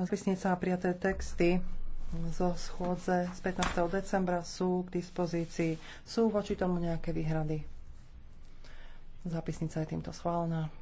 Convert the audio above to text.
Zvisnica a prijaté texty zo schôdze z 15. decembra sú k dispozícii. Sú voči tomu nejaké výhrady? Zápisnica je týmto schválená.